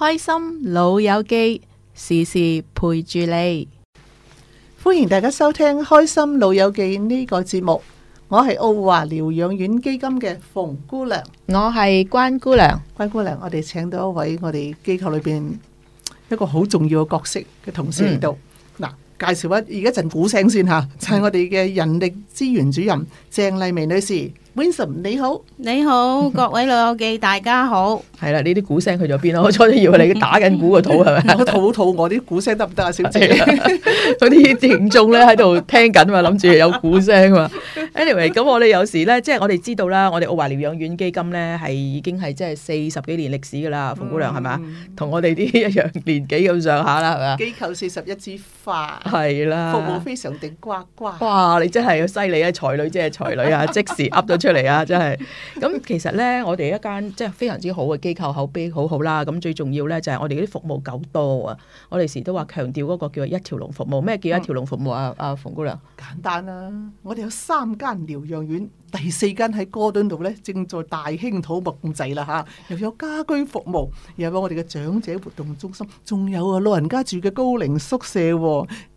開心老友記，時時陪住你。歡迎大家收聽《開心老友記》呢個節目，我係澳華療養院基金嘅馮姑娘，我係關姑娘。關姑娘，我哋請到一位我哋機構裏邊一個好重要嘅角色嘅同事嚟到，嗱，介紹一而家一陣鼓聲先吓，就係我哋嘅人力資源主任鄭麗薇女士。Winston, 你好，你好，各位老友記， 大家好。係啦，呢啲鼓聲去咗邊啊？我初以為你打緊鼓個肚係咪？是 我肚好肚餓，啲鼓聲得唔得啊？小姐，嗰啲 聽眾咧喺度聽緊嘛，諗住有鼓聲嘛。Anyway，咁我哋有時咧，即、就、係、是、我哋知道啦，我哋澳華療養院基金咧係已經係即係四十幾年歷史噶啦，馮姑娘係咪？同、嗯、我哋啲一樣年紀咁上下啦，係咪？機構四十一支花，係啦，服務非常頂呱呱。哇！你真係要犀利啊，才女即係才女啊，即時噏咗出嚟啊，真係。咁其實咧，我哋一間即係非常之好嘅機構，口碑很好好啦。咁最重要咧就係我哋嗰啲服務夠多啊。我哋時都話強調嗰個叫一條龍服務。咩叫一條龍服務、嗯、啊？啊，馮姑娘，簡單啦、啊，我哋有三間療養院。第四間喺哥頓度咧，正在大興土木咁滯啦嚇，又有家居服務，又有我哋嘅長者活動中心，仲有啊老人家住嘅高齡宿舍。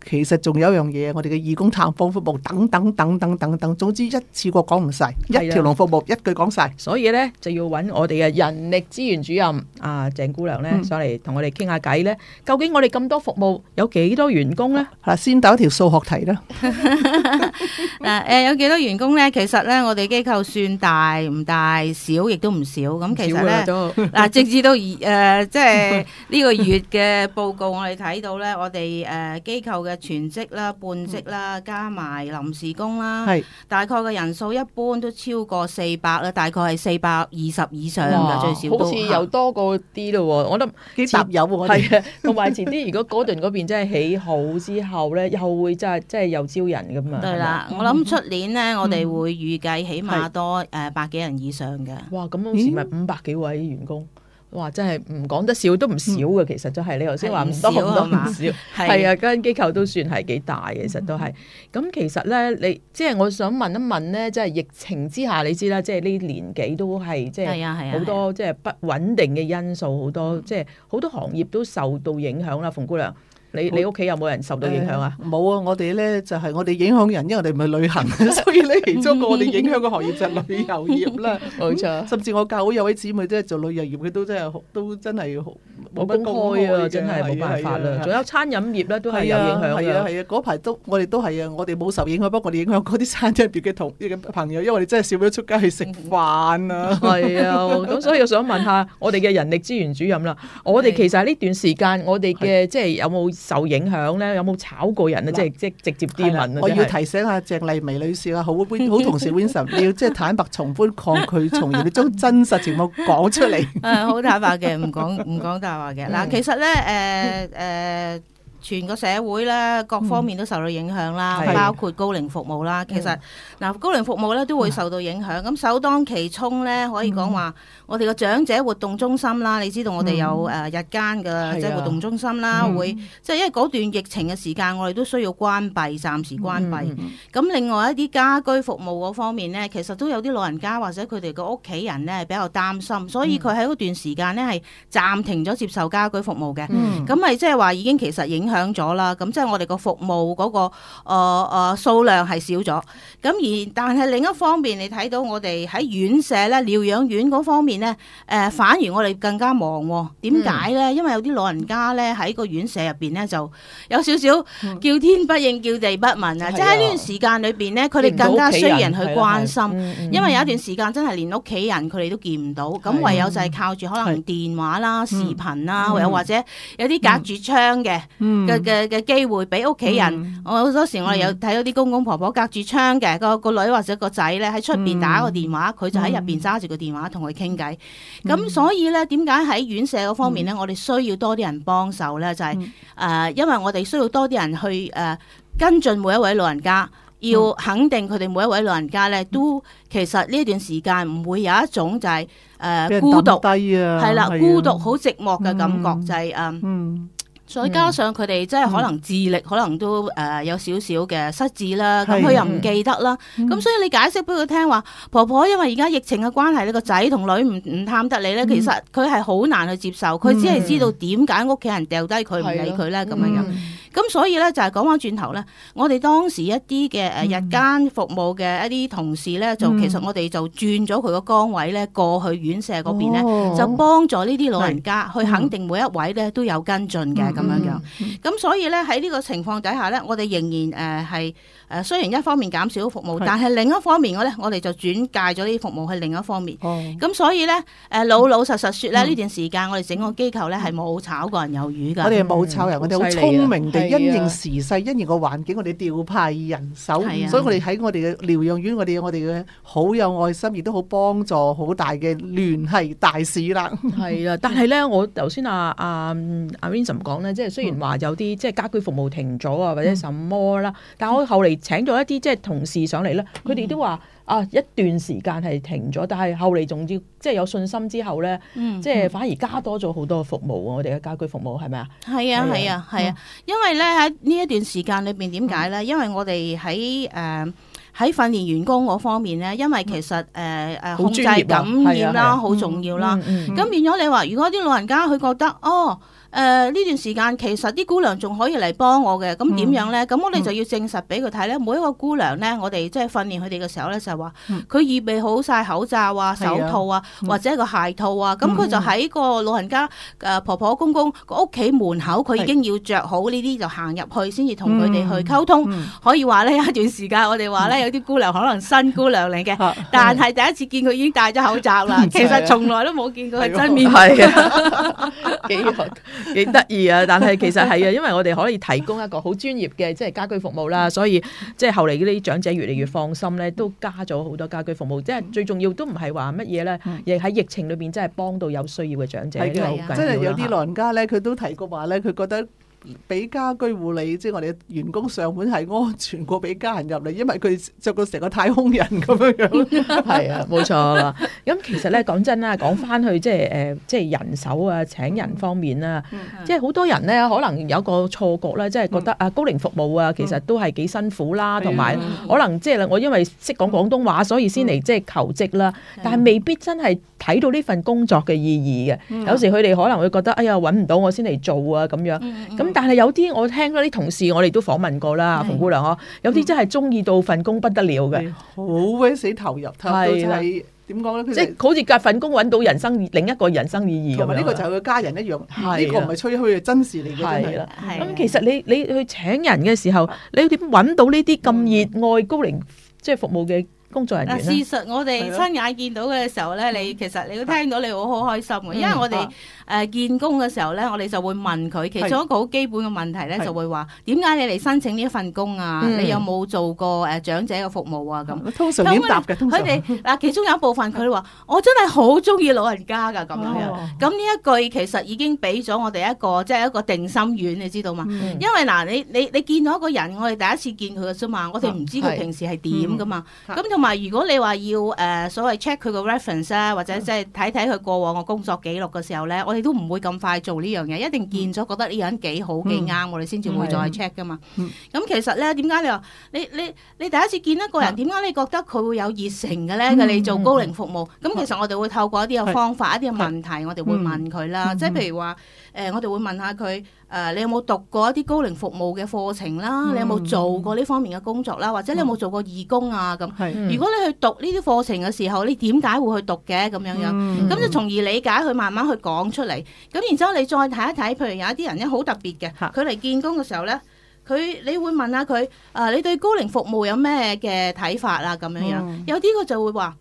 其實仲有一樣嘢，我哋嘅義工探訪服務等等等等等等，總之一次過講唔曬，一條龍服務，一句講曬。所以咧就要揾我哋嘅人力資源主任啊，鄭姑娘咧上嚟同我哋傾下偈咧。究竟我哋咁多服務有幾多員工咧？嗱，先答一條數學題啦。嗱，誒有幾多員工咧？其實咧。我哋機構算大唔大小，亦都唔少。咁其實咧，嗱，直至到誒即係呢個月嘅報告，我哋睇到咧，我哋誒機構嘅全職啦、半職啦、加埋臨時工啦，係大概嘅人數一般都超過四百啦，大概係四百二十以上㗎，最少好似又多過啲咯，我覺得幾突有喎。同埋前啲，如果嗰段嗰邊真係起好之後咧，又會真係真係又招人噉樣。對啦，我諗出年咧，我哋會預計。係起碼多誒百幾人以上嘅哇，咁好似咪五百幾位員工哇、嗯，真係唔講得少都唔少嘅。其實都、就、係、是嗯、你頭先話唔少唔少。係啊，間機構都算係幾大，嗯、其實都係咁。其實咧，你即係我想問一問咧，即係疫情之下，你知啦，即係呢年紀都係即係係啊係啊好多即係不穩定嘅因素，好多、嗯、即係好多行業都受到影響啦，馮姑娘。你你屋企有冇人受到影響啊？冇啊、哎！我哋咧就係、是、我哋影響人，因為我哋唔係旅行，所以咧其中個我哋影響嘅行業就係旅遊業啦。冇 錯，甚至我教會有位姊妹即係做旅遊業嘅，都真係都真係冇公開啊！真係冇辦法啦。仲、啊啊、有餐飲業咧都係有影響啊。係啊係啊，嗰排都我哋都係啊，我哋冇受影響，不過我哋影響嗰啲餐廳入邊嘅同呢朋友，因為我哋真係少咗出街去食飯啊。係、嗯、 啊，咁所以我想問下我哋嘅人力資源主任啦， 我哋其實喺呢段時間，我哋嘅即係有冇？受影響咧，有冇炒過人呢、嗯、啊？即係即係直接啲問。啊！我要提醒下鄭麗薇女士啊好好？同事 Winson 你要即係坦白從寬，抗拒從嚴，你將真實情況講出嚟。好坦白嘅，唔講唔講大話嘅。嗱， 其實咧，誒、呃、誒。呃全個社會咧，各方面都受到影響啦，嗯、包括高齡服務啦。是其實嗱，嗯、高齡服務咧都會受到影響，咁、嗯、首當其衝咧，可以講話我哋嘅長者活動中心啦。嗯、你知道我哋有誒、呃、日間嘅即係活動中心啦，啊、會、嗯、即係因為嗰段疫情嘅時間我哋都需要關閉，暫時關閉。咁、嗯嗯、另外一啲家居服務嗰方面咧，其實都有啲老人家或者佢哋嘅屋企人咧比較擔心，所以佢喺嗰段時間咧係暫停咗接受家居服務嘅。咁咪即係話已經其實影響。響咗啦，咁即係我哋個服務嗰、那個誒誒、呃呃、數量係少咗，咁而但係另一方面，你睇到我哋喺院舍咧、療養院嗰方面咧，誒、呃、反而我哋更加忙，點解咧？嗯、因為有啲老人家咧喺個院舍入邊咧，就有少少叫天不應、嗯、叫地不聞啊！嗯、即係喺呢段時間裏邊咧，佢哋、嗯、更加需要人去關心，嗯嗯、因為有一段時間真係連屋企人佢哋都見唔到，咁、嗯、唯有就係靠住可能電話啦、嗯、視頻啦，又、嗯、或者有啲隔住窗嘅，嗯。嗯嘅嘅嘅機會俾屋企人，我好多時我哋有睇到啲公公婆婆隔住窗嘅，個個女或者個仔咧喺出邊打個電話，佢就喺入邊揸住個電話同佢傾偈。咁所以咧，點解喺院舍嗰方面咧，我哋需要多啲人幫手咧，就係誒，因為我哋需要多啲人去誒跟進每一位老人家，要肯定佢哋每一位老人家咧，都其實呢段時間唔會有一種就係誒孤獨低啊，係啦，孤獨好寂寞嘅感覺就係啊。再加上佢哋真係可能智力、嗯、可能都誒、呃、有少少嘅失智啦，咁佢的又唔記得啦，咁的所以你解釋俾佢聽話，嗯、婆婆因為而家疫情嘅關係，你個仔同女唔唔探得你咧，其實佢係好難去接受，佢、嗯、只係知道點解屋企人掉低佢唔理佢咧，咁的樣。嗯。咁所以咧，就係講翻轉頭咧，我哋當時一啲嘅誒日間服務嘅一啲同事咧，就其實我哋就轉咗佢個崗位咧，過去院舍嗰邊咧，就幫助呢啲老人家去肯定每一位咧都有跟進嘅咁樣樣。咁所以咧，喺呢個情況底下咧，我哋仍然誒係誒雖然一方面減少服務，但係另一方面嘅咧，我哋就轉介咗啲服務去另一方面。咁所以咧誒老老實實説咧，呢段時間我哋整個機構咧係冇炒過人魷魚㗎。我哋冇炒人，我哋好聰明嘅。因應時勢，啊、因應個環境，我哋調派人手，啊、所以我哋喺我哋嘅療養院，我哋我哋嘅好有愛心，亦都好幫助好大嘅聯繫大使啦、啊。係啦，但係咧，我頭先阿阿阿 Vincent 講咧，即、啊、係、啊、雖然話有啲即係家居服務停咗啊，或者什麼啦，嗯、但係我後嚟請咗一啲即係同事上嚟咧，佢哋都話。啊，一段時間係停咗，但係後嚟仲要即係有信心之後咧，即係反而加多咗好多服務，我哋嘅家居服務係咪啊？係啊，係啊，係啊，因為咧喺呢一段時間裏邊點解咧？因為我哋喺誒喺訓練員工嗰方面咧，因為其實誒誒控制感染啦，好重要啦。咁變咗你話，如果啲老人家佢覺得哦。誒呢段時間其實啲姑娘仲可以嚟幫我嘅，咁點樣呢？咁我哋就要證實俾佢睇呢，每一個姑娘呢，我哋即係訓練佢哋嘅時候呢，就係話佢預備好晒口罩啊、手套啊，或者個鞋套啊。咁佢就喺個老人家婆婆公公屋企門口，佢已經要着好呢啲，就行入去先至同佢哋去溝通。可以話呢，一段時間我哋話呢，有啲姑娘可能新姑娘嚟嘅，但係第一次見佢已經戴咗口罩啦。其實從來都冇見過佢真面嘅。幾得意啊！但係其實係啊，因為我哋可以提供一個好專業嘅即係家居服務啦， 所以即係後嚟嗰啲長者越嚟越放心咧，都加咗好多家居服務。即係 最重要都唔係話乜嘢啦，亦喺疫情裏邊真係幫到有需要嘅長者，係嘅的，真係有啲老人家咧，佢都提過話咧，佢覺得，俾家居護理，即係我哋員工上門係安全過俾家人入嚟，因為佢著到成個太空人咁樣樣。係啊，冇錯啦。咁其實咧，講真啦，講翻去即係誒，即係人手啊、請人方面啦，即係好多人咧，可能有個錯覺啦，即係覺得啊，高齡服務啊，其實都係幾辛苦啦，同埋可能即係我因為識講廣東話，所以先嚟即係求職啦。但係未必真係睇到呢份工作嘅意義嘅。有時佢哋可能會覺得，哎呀，揾唔到我先嚟做啊咁樣。咁但係有啲我聽咗啲同事，我哋都訪問過啦，馮姑娘嗬，有啲真係中意到份工不得了嘅，好鬼死投入，睇到真係點講咧，即係好似夾份工揾到人生另一個人生意義咁。同埋呢個就係佢家人一樣，呢個唔係吹噓嘅真事嚟嘅真係啦。咁其實你你去請人嘅時候，你要點揾到呢啲咁熱愛高齡即係服務嘅工作人員咧？事實我哋親眼見到嘅時候咧，你其實你都聽到你好好開心嘅，因為我哋。誒、呃、見工嘅時候咧，我哋就會問佢其中一個好基本嘅問題咧，就會話點解你嚟申請呢一份工啊？嗯、你有冇做過誒、呃、長者嘅服務啊？咁通常點答嘅？們通佢哋嗱其中有一部分佢話： 我真係好中意老人家㗎咁樣。咁呢、哦、一句其實已經俾咗我哋一個即係、就是、一個定心丸，你知道嘛？嗯、因為嗱、呃，你你你見到一個人，我哋第一次見佢嘅啫嘛，我哋唔知佢平時係點㗎嘛。咁同埋如果你話要誒、呃、所謂 check 佢個 reference 啊，或者即係睇睇佢過往嘅工作記錄嘅時候咧，你都唔會咁快做呢樣嘢，一定見咗覺得呢個人幾好幾啱，我哋先至會再 check 噶嘛。咁、嗯嗯、其實咧，點解你話你你你第一次見到一個人，點解是你覺得佢會有熱誠嘅咧？嘅、嗯嗯、你做高齡服務，咁、嗯、其實我哋會透過一啲嘅方法、是一啲嘅問題，我哋會問佢啦。嗯嗯、即係譬如話。誒、呃，我哋會問下佢，誒、呃，你有冇讀過一啲高齡服務嘅課程啦？Mm hmm. 你有冇做過呢方面嘅工作啦？或者你有冇做過義工啊？咁，mm hmm. 如果你去讀呢啲課程嘅時候，你點解會去讀嘅咁樣樣？咁、mm hmm. 就從而理解佢，慢慢去講出嚟。咁然之後，你再睇一睇，譬如有一啲人呢，因為好特別嘅，佢嚟見工嘅時候咧，佢你會問下佢，誒、呃，你對高齡服務有咩嘅睇法啦、啊？咁樣樣，mm hmm. 有啲個就會話。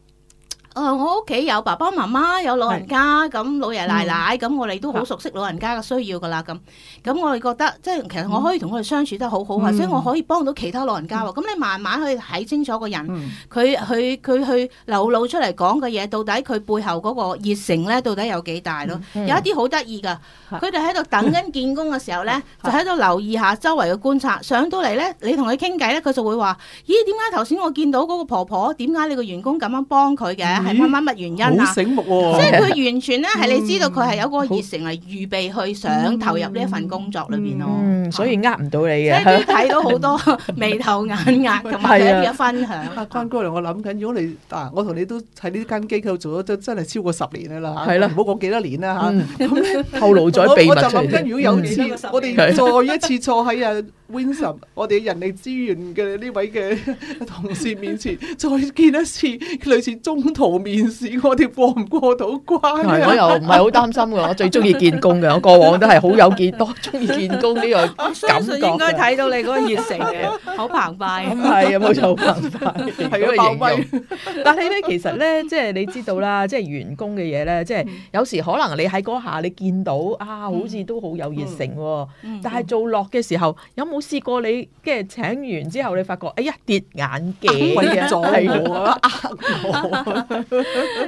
啊！我屋企有爸爸媽媽，有老人家咁，老爺奶奶咁，我哋都好熟悉老人家嘅需要噶啦。咁咁，我哋覺得即係其實我可以同佢哋相處得好好啊，所以我可以幫到其他老人家喎。咁你慢慢去睇清楚個人，佢佢佢去流露出嚟講嘅嘢，到底佢背後嗰個熱誠咧，到底有幾大咯？有一啲好得意噶，佢哋喺度等緊見工嘅時候咧，就喺度留意下周圍嘅觀察，上到嚟咧，你同佢傾偈咧，佢就會話：咦，點解頭先我見到嗰個婆婆，點解你個員工咁樣幫佢嘅？係乜乜乜原因啊？好醒目喎！即係佢完全咧，係你知道佢係有個熱誠嚟預備去想投入呢一份工作裏邊咯。嗯，所以呃唔到你嘅。即係啲睇到好多眉頭眼壓同埋成日分享。阿關哥嚟，我諗緊，如果你嗱，我同你都喺呢間機構做咗真真係超過十年嘅啦。係啦，唔好講幾多年啦嚇。咁透露咗秘密出嚟。我我就諗緊，如果有次我哋再一次坐喺啊 Winson 我哋嘅人力資源嘅呢位嘅同事面前，再見一次類似中途。面試我哋過唔過到關？我又唔係好擔心噶。我最中意見工嘅，我過往都係好有見多中意見工呢個感覺。啊、應該睇到你嗰個熱誠嘅，好澎湃。係、嗯、有冇錯，好澎湃。係啊，但係咧，其實咧，即係你知道啦，即係員工嘅嘢咧，即係有時可能你喺嗰下你見到啊，好似都好有熱誠、哦、嗯嗯、但係做落嘅時候，有冇試過你即係請完之後，你發覺哎呀跌眼鏡，再啊過。呢、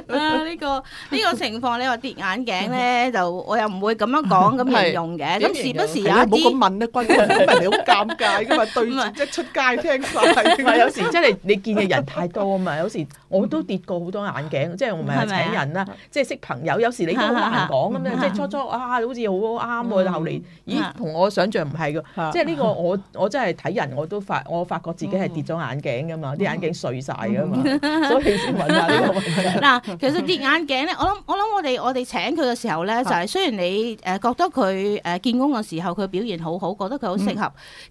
啊，這個呢、這個情況，你話跌眼鏡咧， 就我又唔會咁樣講咁形容嘅。咁 是時不時有啲，唔好咁問啊，關係唔係好尷尬噶嘛， 對，即是出街聽晒，係 有時？即係你見嘅人太多啊嘛， 有時。我都跌過好多眼鏡，即係我唔係請人啦，即係識朋友。有時你都好難講咁咧，即係初初啊，好似好啱喎，後嚟咦同我想象唔係㗎，即係呢個我我真係睇人我都發，我發覺自己係跌咗眼鏡㗎嘛，啲眼鏡碎晒㗎嘛，所以先揾下呢嗱，其實跌眼鏡咧，我諗我諗我哋我哋請佢嘅時候咧，就係雖然你誒覺得佢誒見工嘅時候佢表現好好，覺得佢好適合，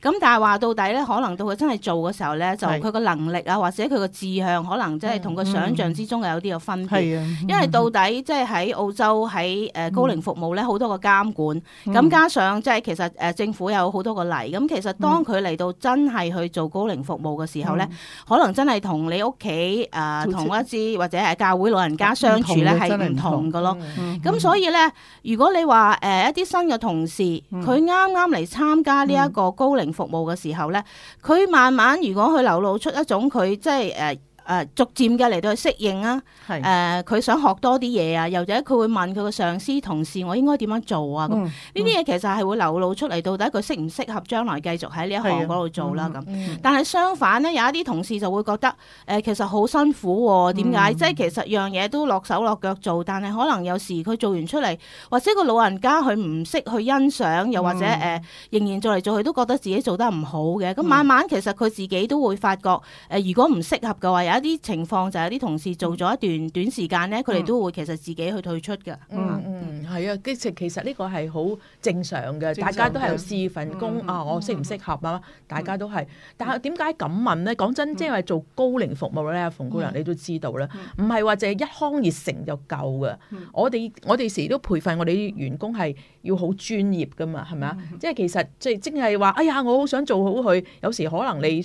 咁但係話到底咧，可能到佢真係做嘅時候咧，就佢個能力啊，或者佢個志向，可能真係同。個想象之中有啲個分歧，因為到底即係喺澳洲喺誒高齡服務咧，好多個監管，咁加上即係其實誒政府有好多個例，咁其實當佢嚟到真係去做高齡服務嘅時候咧，可能真係同你屋企誒同一支，或者係教會老人家相處咧係唔同㗎囉。咁所以咧，如果你話誒一啲新嘅同事，佢啱啱嚟參加呢一個高齡服務嘅時候咧，佢慢慢如果佢流露出一種佢即係誒。誒、呃、逐漸嘅嚟到去適應啊，誒、呃、佢想學多啲嘢啊，又或者佢會問佢個上司同事我應該點、嗯、樣做啊？咁呢啲嘢其實係會流露出嚟，到底佢適唔適合將來繼續喺呢一行嗰度做啦？咁、嗯，但係相反呢，有一啲同事就會覺得誒、呃、其實好辛苦喎、哦，點解？嗯、即係其實樣嘢都落手落腳做，但係可能有時佢做完出嚟，或者個老人家佢唔識去欣賞，又或者誒、嗯呃、仍然做嚟做去都覺得自己做得唔好嘅，咁慢慢其實佢自己都會發覺誒、呃，如果唔適合嘅話有啲情況就係、是、有啲同事做咗一段短時間咧，佢哋都會其實自己去退出嘅。嗯嗯，係啊吧、嗯，其實其實呢個係好正常嘅，常的大家都係有試份工啊，我適唔適合啊？嗯、大家都係，但係點解咁問咧？講真，即、就、係、是、做高齡服務咧，馮、嗯、姑娘你都知道啦，唔係話就係一腔熱誠就夠嘅、嗯。我哋我哋時都培訓我哋啲員工係要好專業嘅嘛，係咪啊？即係其實即係即係話，哎呀，我好想做好佢，有時可能你。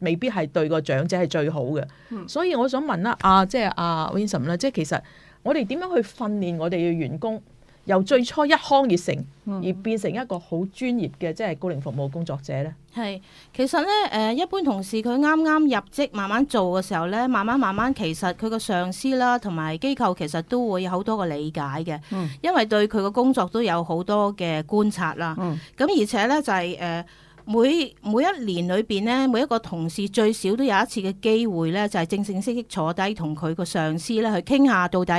未必係對個長者係最好嘅。嗯、所以我想問啦，阿即係阿 Vinson 啦，即、就、係、是啊、其實我哋點樣去訓練我哋嘅員工，由最初一腔熱誠而變成一個好專業嘅即係高齡服務工作者咧？係，其實咧，誒，一般同事佢啱啱入職，慢慢做嘅時候咧，慢慢慢慢，其實佢個上司啦，同埋機構其實都會有好多嘅理解嘅，嗯、因為對佢嘅工作都有好多嘅觀察啦。咁、嗯、而且咧就係、是、誒。呃每每一年裏邊呢，每一個同事最少都有一次嘅機會呢，就係、是、正正式式坐低同佢個上司咧去傾下到底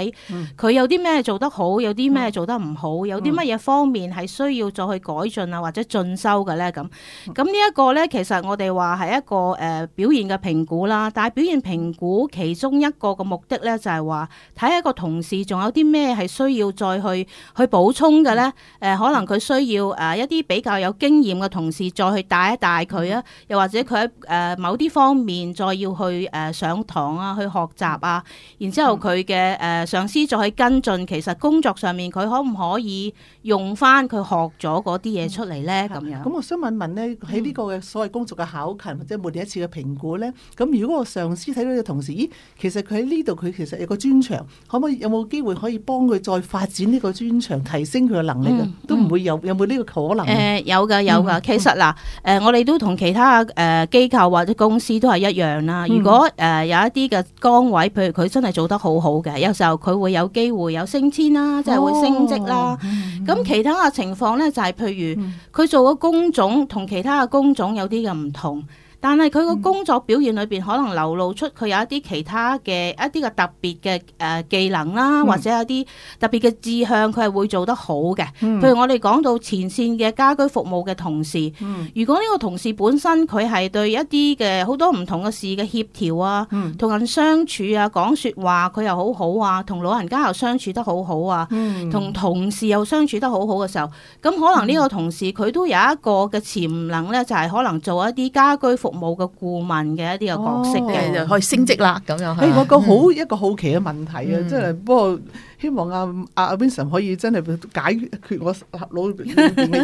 佢有啲咩做得好，有啲咩做得唔好，有啲乜嘢方面係需要再去改進啊，或者進修嘅呢？這咁。咁呢一個呢，其實我哋話係一個誒、呃、表現嘅評估啦。但係表現評估其中一個嘅目的呢，就係話睇一個同事仲有啲咩係需要再去去補充嘅呢？誒、呃，可能佢需要誒、呃、一啲比較有經驗嘅同事再去帶一帶佢啊，又或者佢喺誒某啲方面再要去誒上堂啊，去學習啊，然之後佢嘅誒上司再去跟進，嗯、其實工作上面佢可唔可以用翻佢學咗嗰啲嘢出嚟咧？咁、嗯、樣咁，嗯嗯、我想問問咧，喺呢個嘅所謂工作嘅考勤或者每一次嘅評估咧，咁如果個上司睇到嘅同事，咦，其實佢喺呢度佢其實有個專長，可唔可以有冇機會可以幫佢再發展呢個專長，提升佢嘅能力啊？嗯嗯、都唔會有有冇呢個可能？誒、呃，有噶有噶，嗯、其實嗱。嗯嗯誒、呃，我哋都同其他誒、呃、機構或者公司都係一樣啦。如果誒、呃、有一啲嘅崗位，譬如佢真係做得好好嘅，有時候佢會有機會有升遷啦，哦、即係會升職啦。咁、嗯嗯嗯、其他嘅情況呢，就係、是、譬如佢做嘅工種同其他嘅工種有啲嘅唔同。但係佢個工作表現裏邊、嗯、可能流露出佢有一啲其他嘅一啲嘅特別嘅誒技能啦，嗯、或者有啲特別嘅志向，佢係會做得好嘅。嗯、譬如我哋講到前線嘅家居服務嘅同事，嗯、如果呢個同事本身佢係對一啲嘅好多唔同嘅事嘅協調啊，同、嗯、人相處啊講説話佢又好好啊，同老人家又相處得好好啊，同、嗯、同事又相處得好好嘅時候，咁可能呢個同事佢都有一個嘅潛能呢，就係、是、可能做一啲家居服服務嘅顧問嘅一啲嘅角色嘅，哦，就可以升職啦，咁樣，嗯。誒、就是，我個好、嗯、一個好奇嘅問題啊，即係、嗯、不過希望阿阿 Vincent 可以真係解決我腦入嘅疑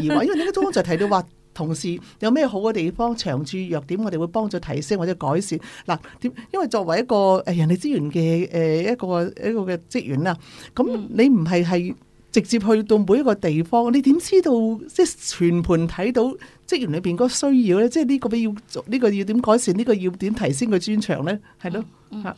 惑，因為呢個通常就提到話同事有咩好嘅地方、長處、弱點，我哋會幫助提升或者改善。嗱，點？因為作為一個誒、哎、人力資源嘅誒一個一個嘅職員啦，咁你唔係係。嗯直接去到每一個地方，你點知道即係全盤睇到職員裏邊個需要咧？即係呢個要做呢、呢個要點改善，呢、呢個要點提升個專長咧？係咯、嗯，嚇、嗯。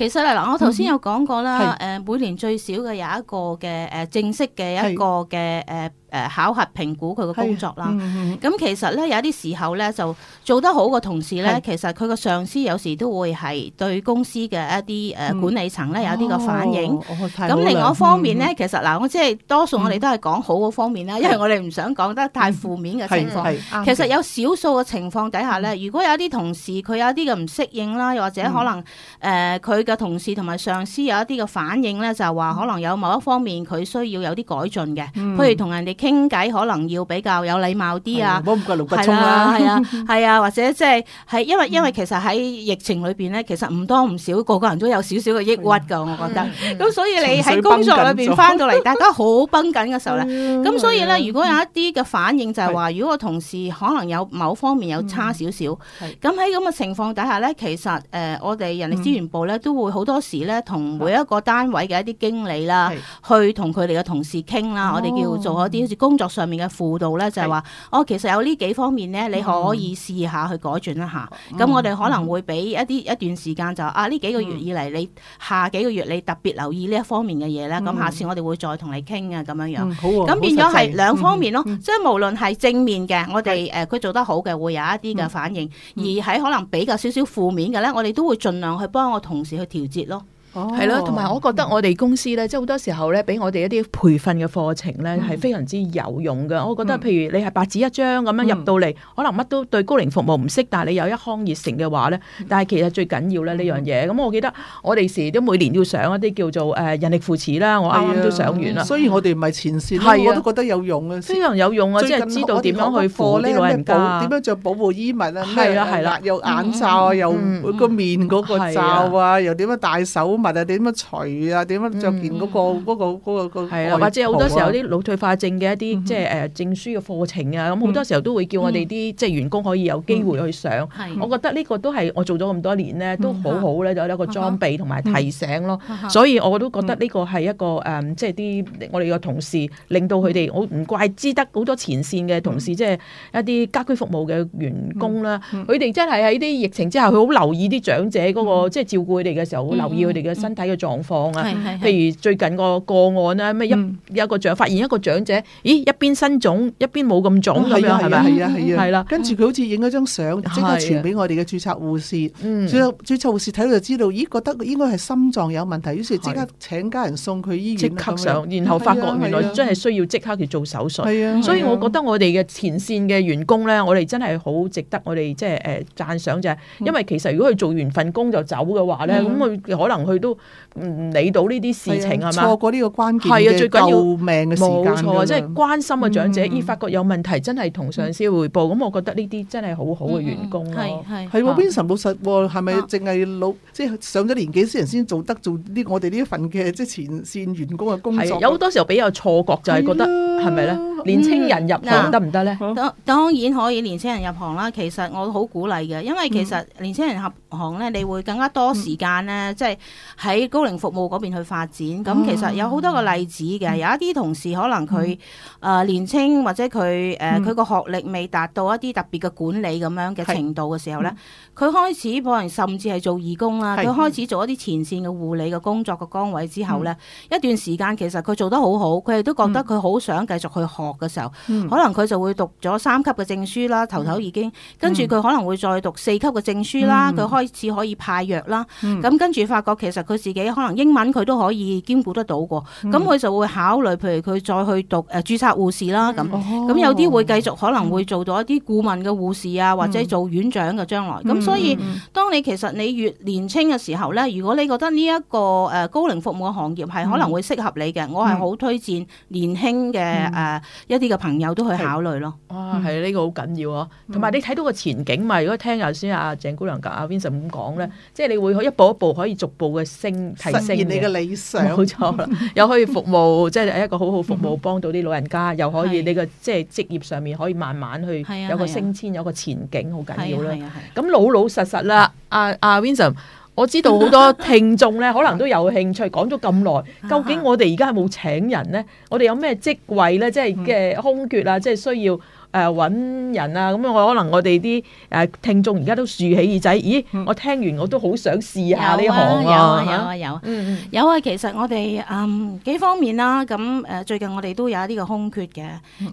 其實啦，嗱、嗯，我頭先有講過啦，誒，每年最少嘅有一個嘅誒正式嘅一個嘅誒誒考核評估佢嘅工作啦。咁、嗯嗯、其實咧有啲時候咧就做得好嘅同事咧，是其實佢嘅上司有時都會係對公司嘅一啲誒管理層咧有啲個反應。咁、哦哦、另外一方面咧，嗯、其實嗱，多數我即係多數我哋都係講好嗰方面啦，嗯、因為我哋唔想講得太負面嘅情況。嗯、其實有少數嘅情況底下咧，嗯、如果有啲同事佢有啲嘅唔適應啦，又或者可能誒佢。嗯呃他的同事同埋上司有一啲嘅反應咧，就係話可能有某一方面佢需要有啲改進嘅，譬如同人哋傾偈可能要比較有禮貌啲啊，冇咁骨碌骨碌衝啊，係啊，係啊，或者即係係因為因為其實喺疫情裏邊咧，其實唔多唔少個個人都有少少嘅抑鬱噶，我覺得。咁所以你喺工作裏邊翻到嚟，大家好繃緊嘅時候咧，咁所以咧，如果有一啲嘅反應就係話，如果同事可能有某方面有差少少，咁喺咁嘅情況底下咧，其實誒我哋人力資源部咧都都會好多時咧，同每一個單位嘅一啲經理啦，去同佢哋嘅同事傾啦。我哋叫做一啲好似工作上面嘅輔導咧，就係話，哦,其實有呢幾方面咧，你可以試下去改轉一下。咁我哋可能會俾一啲一段時間，就啊呢幾個月以嚟，你下幾個月你特別留意呢一方面嘅嘢咧。咁下次我哋會再同你傾啊，咁樣樣。好，咁變咗係兩方面咯。即係無論係正面嘅，我哋誒佢做得好嘅，會有一啲嘅反應；而喺可能比較少少負面嘅咧，我哋都會盡量去幫我同事。去調節咯。係咯，同埋我覺得我哋公司咧，即好多時候咧，俾我哋一啲培訓嘅課程咧，係非常之有用嘅。我覺得譬如你係白紙一張咁樣入到嚟，可能乜都對高齡服務唔識，但你有一腔熱誠嘅話咧，但係其實最緊要咧呢樣嘢。咁我記得我哋時都每年要上一啲叫做人力扶持啦，我啱啱都上完啦。所以我哋唔係前線，係我都覺得有用啊，非常有用啊！即係知道點樣去服老人家，點樣著保護衣物啊。係啦係啦，又眼罩啊，又個面嗰個罩啊，又點樣戴手。物啊，點樣除啊，點樣着件嗰個嗰個嗰個啦，或者好多時候啲腦退化症嘅一啲即係誒證書嘅課程啊，咁好多時候都會叫我哋啲即係員工可以有機會去上。我覺得呢個都係我做咗咁多年咧，都好好咧，有一個裝備同埋提醒咯。所以我都覺得呢個係一個誒，即係啲我哋嘅同事令到佢哋，我唔怪之得好多前線嘅同事，即係一啲家居服務嘅員工啦，佢哋真係喺啲疫情之後，佢好留意啲長者嗰個即係照顧佢哋嘅時候，好留意佢哋嘅。身體嘅狀況啊，譬如最近個個案啦，咩一有個長發現一個長者，咦一邊身腫，一邊冇咁腫咁樣係嘛？係啊係啊，跟住佢好似影咗張相，即刻傳俾我哋嘅註冊護士。嗯，註冊護士睇到就知道，咦覺得應該係心臟有問題，於是即刻請家人送佢醫院，即刻上，然後發覺原來真係需要即刻去做手術。所以我覺得我哋嘅前線嘅員工咧，我哋真係好值得我哋即係誒讚賞就係，因為其實如果佢做完份工就走嘅話咧，咁佢可能去都唔理到呢啲事情啊，錯過呢個關鍵係啊，最緊要命嘅時間，冇錯，即係關心嘅長者，咦，發覺有問題，真係同上司匯報。咁我覺得呢啲真係好好嘅員工咯，係係，Vincent 老實，係咪淨係老即係上咗年紀先人先做得做呢？我哋呢一份嘅即係前線員工嘅工作，有好多時候比較錯覺，就係覺得。係咪咧？年青人入行得唔得咧？當當然可以年青人入行啦。其實我好鼓勵嘅，因為其實年青人入行咧，你會更加多時間咧，即係喺高齡服務嗰邊去發展。咁其實有好多個例子嘅，有一啲同事可能佢誒年青或者佢誒佢個學歷未達到一啲特別嘅管理咁樣嘅程度嘅時候咧，佢開始可能甚至係做義工啦。佢開始做一啲前線嘅護理嘅工作嘅崗位之後咧，一段時間其實佢做得好好，佢哋都覺得佢好想，繼續去學嘅時候，嗯、可能佢就會讀咗三級嘅證書啦，頭頭已經、嗯、跟住佢可能會再讀四級嘅證書啦，佢、嗯、開始可以派藥啦。咁、嗯、跟住發覺其實佢自己可能英文佢都可以兼顧得到嘅，咁佢、嗯、就會考慮，譬如佢再去讀誒、呃、註冊護士啦。咁咁、哦、有啲會繼續可能會做到一啲顧問嘅護士啊，嗯、或者做院長嘅將來。咁、嗯、所以當你其實你越年青嘅時候呢，如果你覺得呢一個誒高齡服務嘅行業係可能會適合你嘅，嗯、我係好推薦年輕嘅。誒誒，一啲嘅朋友都去考慮咯。哇，係啊，呢個好緊要啊，同埋你睇到個前景嘛。如果聽頭先阿鄭姑娘同阿 Vincent 咁講咧，即係你會一步一步可以逐步嘅升提升，你嘅理想。冇錯，又可以服務，即係一個好好服務，幫到啲老人家，又可以你個即係職業上面可以慢慢去有個升遷，有個前景，好緊要啦。咁老老實實啦，阿阿 Vincent。我知道好多聽眾咧，可能都有興趣。講咗咁耐，究竟我哋而家係冇請人咧？我哋有咩職位咧？即係嘅空缺啊，即係需要。誒，揾、呃、人啊！咁、嗯、我可能我哋啲誒聽眾而家都豎起耳仔，咦？嗯、我聽完我都好想試下呢行啊！有啊，有啊，有啊，有啊！嗯、有啊，其實我哋嗯幾方面啦，咁誒最近我哋都有呢個空缺嘅。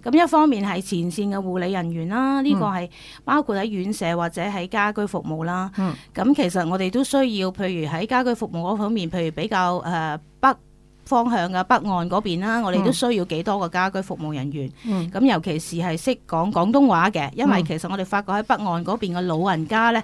咁、嗯、一方面係前線嘅護理人員啦，呢、嗯、個係包括喺院舍或者喺家居服務啦。咁、嗯、其實我哋都需要，譬如喺家居服務嗰方面，譬如比較誒北。呃方向嘅北岸嗰邊啦，我哋都需要幾多個家居服務人員。咁、嗯、尤其是係識講廣東話嘅，因為其實我哋發覺喺北岸嗰邊嘅老人家咧，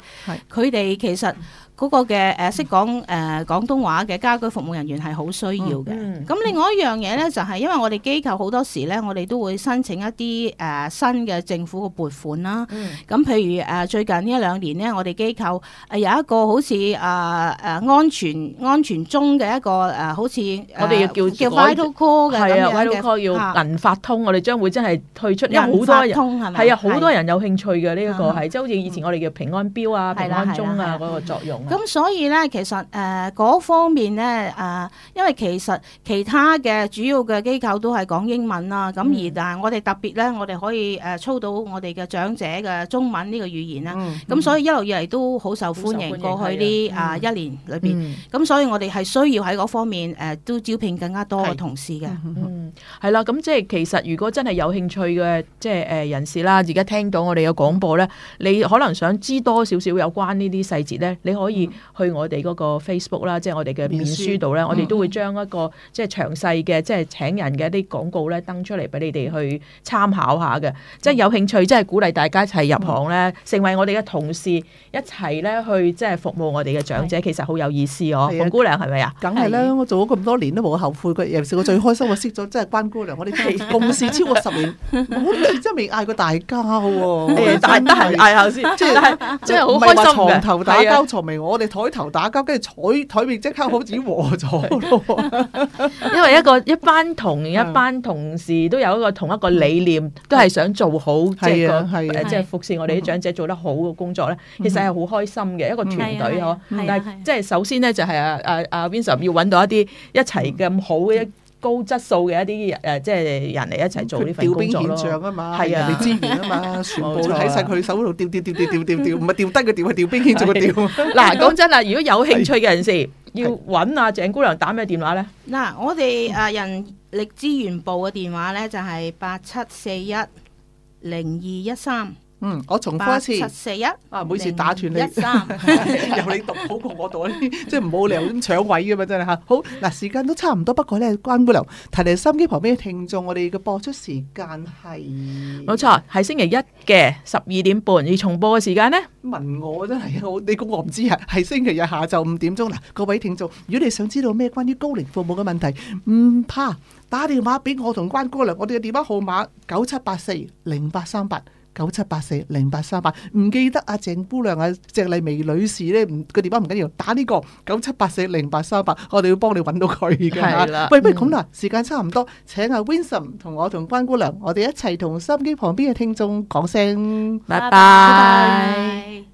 佢哋是其實嗰個嘅誒識講誒廣東話嘅家居服務人員係好需要嘅。咁、嗯嗯、另外一樣嘢咧，就係因為我哋機構好多時咧，我哋都會申請一啲誒新嘅政府嘅撥款啦。咁、嗯、譬如誒最近呢一兩年咧，我哋機構誒有一個好似誒誒安全安全中嘅一個誒好似。我要叫叫 Vital Call 嘅，係啊 Vital Call 要銀發通，我哋將會真係推出，因為好多人通，係係啊，好多人有興趣嘅呢一個係，即係好似以前我哋叫平安錶啊、平安鐘啊嗰個作用。咁所以咧，其實誒嗰方面咧誒，因為其實其他嘅主要嘅機構都係講英文啦，咁而但係我哋特別咧，我哋可以誒操到我哋嘅長者嘅中文呢個語言啦。咁所以一路以嚟都好受歡迎。過去呢啊一年裏邊，咁所以我哋係需要喺嗰方面誒都招聘。.更加多嘅同事嘅。嗯嗯。係啦，咁即係其實如果真係有興趣嘅，即係誒人士啦，而家聽到我哋嘅廣播咧，你可能想知多少少有關呢啲細節咧，你可以去我哋嗰個 Facebook 啦，即係我哋嘅面書度咧，我哋都會將一個即係詳細嘅，即係請人嘅一啲廣告咧登出嚟俾你哋去參考下嘅。即係有興趣，即係鼓勵大家一齊入行咧，成為我哋嘅同事一齊咧去即係服務我哋嘅長者，其實好有意思哦。馮姑娘係咪啊？梗係啦，我做咗咁多年都冇後悔嘅，尤其是我最開心我識咗。真係關姑娘，我哋共事超過十年，真係未嗌過大交喎。但得閒嗌下先，即係好開心。唔係話床頭打交，床尾我哋台頭打交，跟住台台面即刻好似和咗咯。因為一個一班同一班同事都有一個同一個理念，都係想做好即係服侍我哋啲長者做得好嘅工作咧。其實係好開心嘅一個團隊咯。但係即係首先咧，就係阿阿阿 Vincent 要揾到一啲一齊咁好嘅。高質素嘅一啲誒，即係人嚟一齊做呢份工作咯。係啊，人力資源啊嘛，全部喺曬佢手度，調調調調調調調，唔係調低嘅調，係調兵遣將嘅調。嗱，講真啦，如果有興趣嘅人士，要揾啊鄭姑娘打咩電話咧？嗱，我哋誒人力資源部嘅電話咧就係八七四一零二一三。嗯，我重複一次，十四一啊，每次打斷你，一三由你讀好過我讀呢，即係冇理由搶位㗎嘛！真係吓。好，嗱，時間都差唔多，不過咧，關姑娘提提心機旁邊嘅聽眾，我哋嘅播出時間係冇錯，係星期一嘅十二點半。而重播嘅時間咧，問我真係，我你估我唔知啊。係星期日下晝五點鐘。嗱，各位聽眾，如果你想知道咩關於高齡服務嘅問題，唔怕打電話俾我同關姑娘，我哋嘅電話號碼九七八四零八三八。九七八四零八三八，唔記得阿鄭姑娘啊，鄭麗薇女士呢？唔個電話唔緊要，打呢、呢個九七八四零八三八，8 8 38, 我哋會幫你搵到佢嘅。係啦的，喂喂，不如咁啦，嗯、時間差唔多，請阿 Winsome 同我同關姑娘，我哋一齊同收音機旁邊嘅聽眾講聲拜拜。拜拜拜拜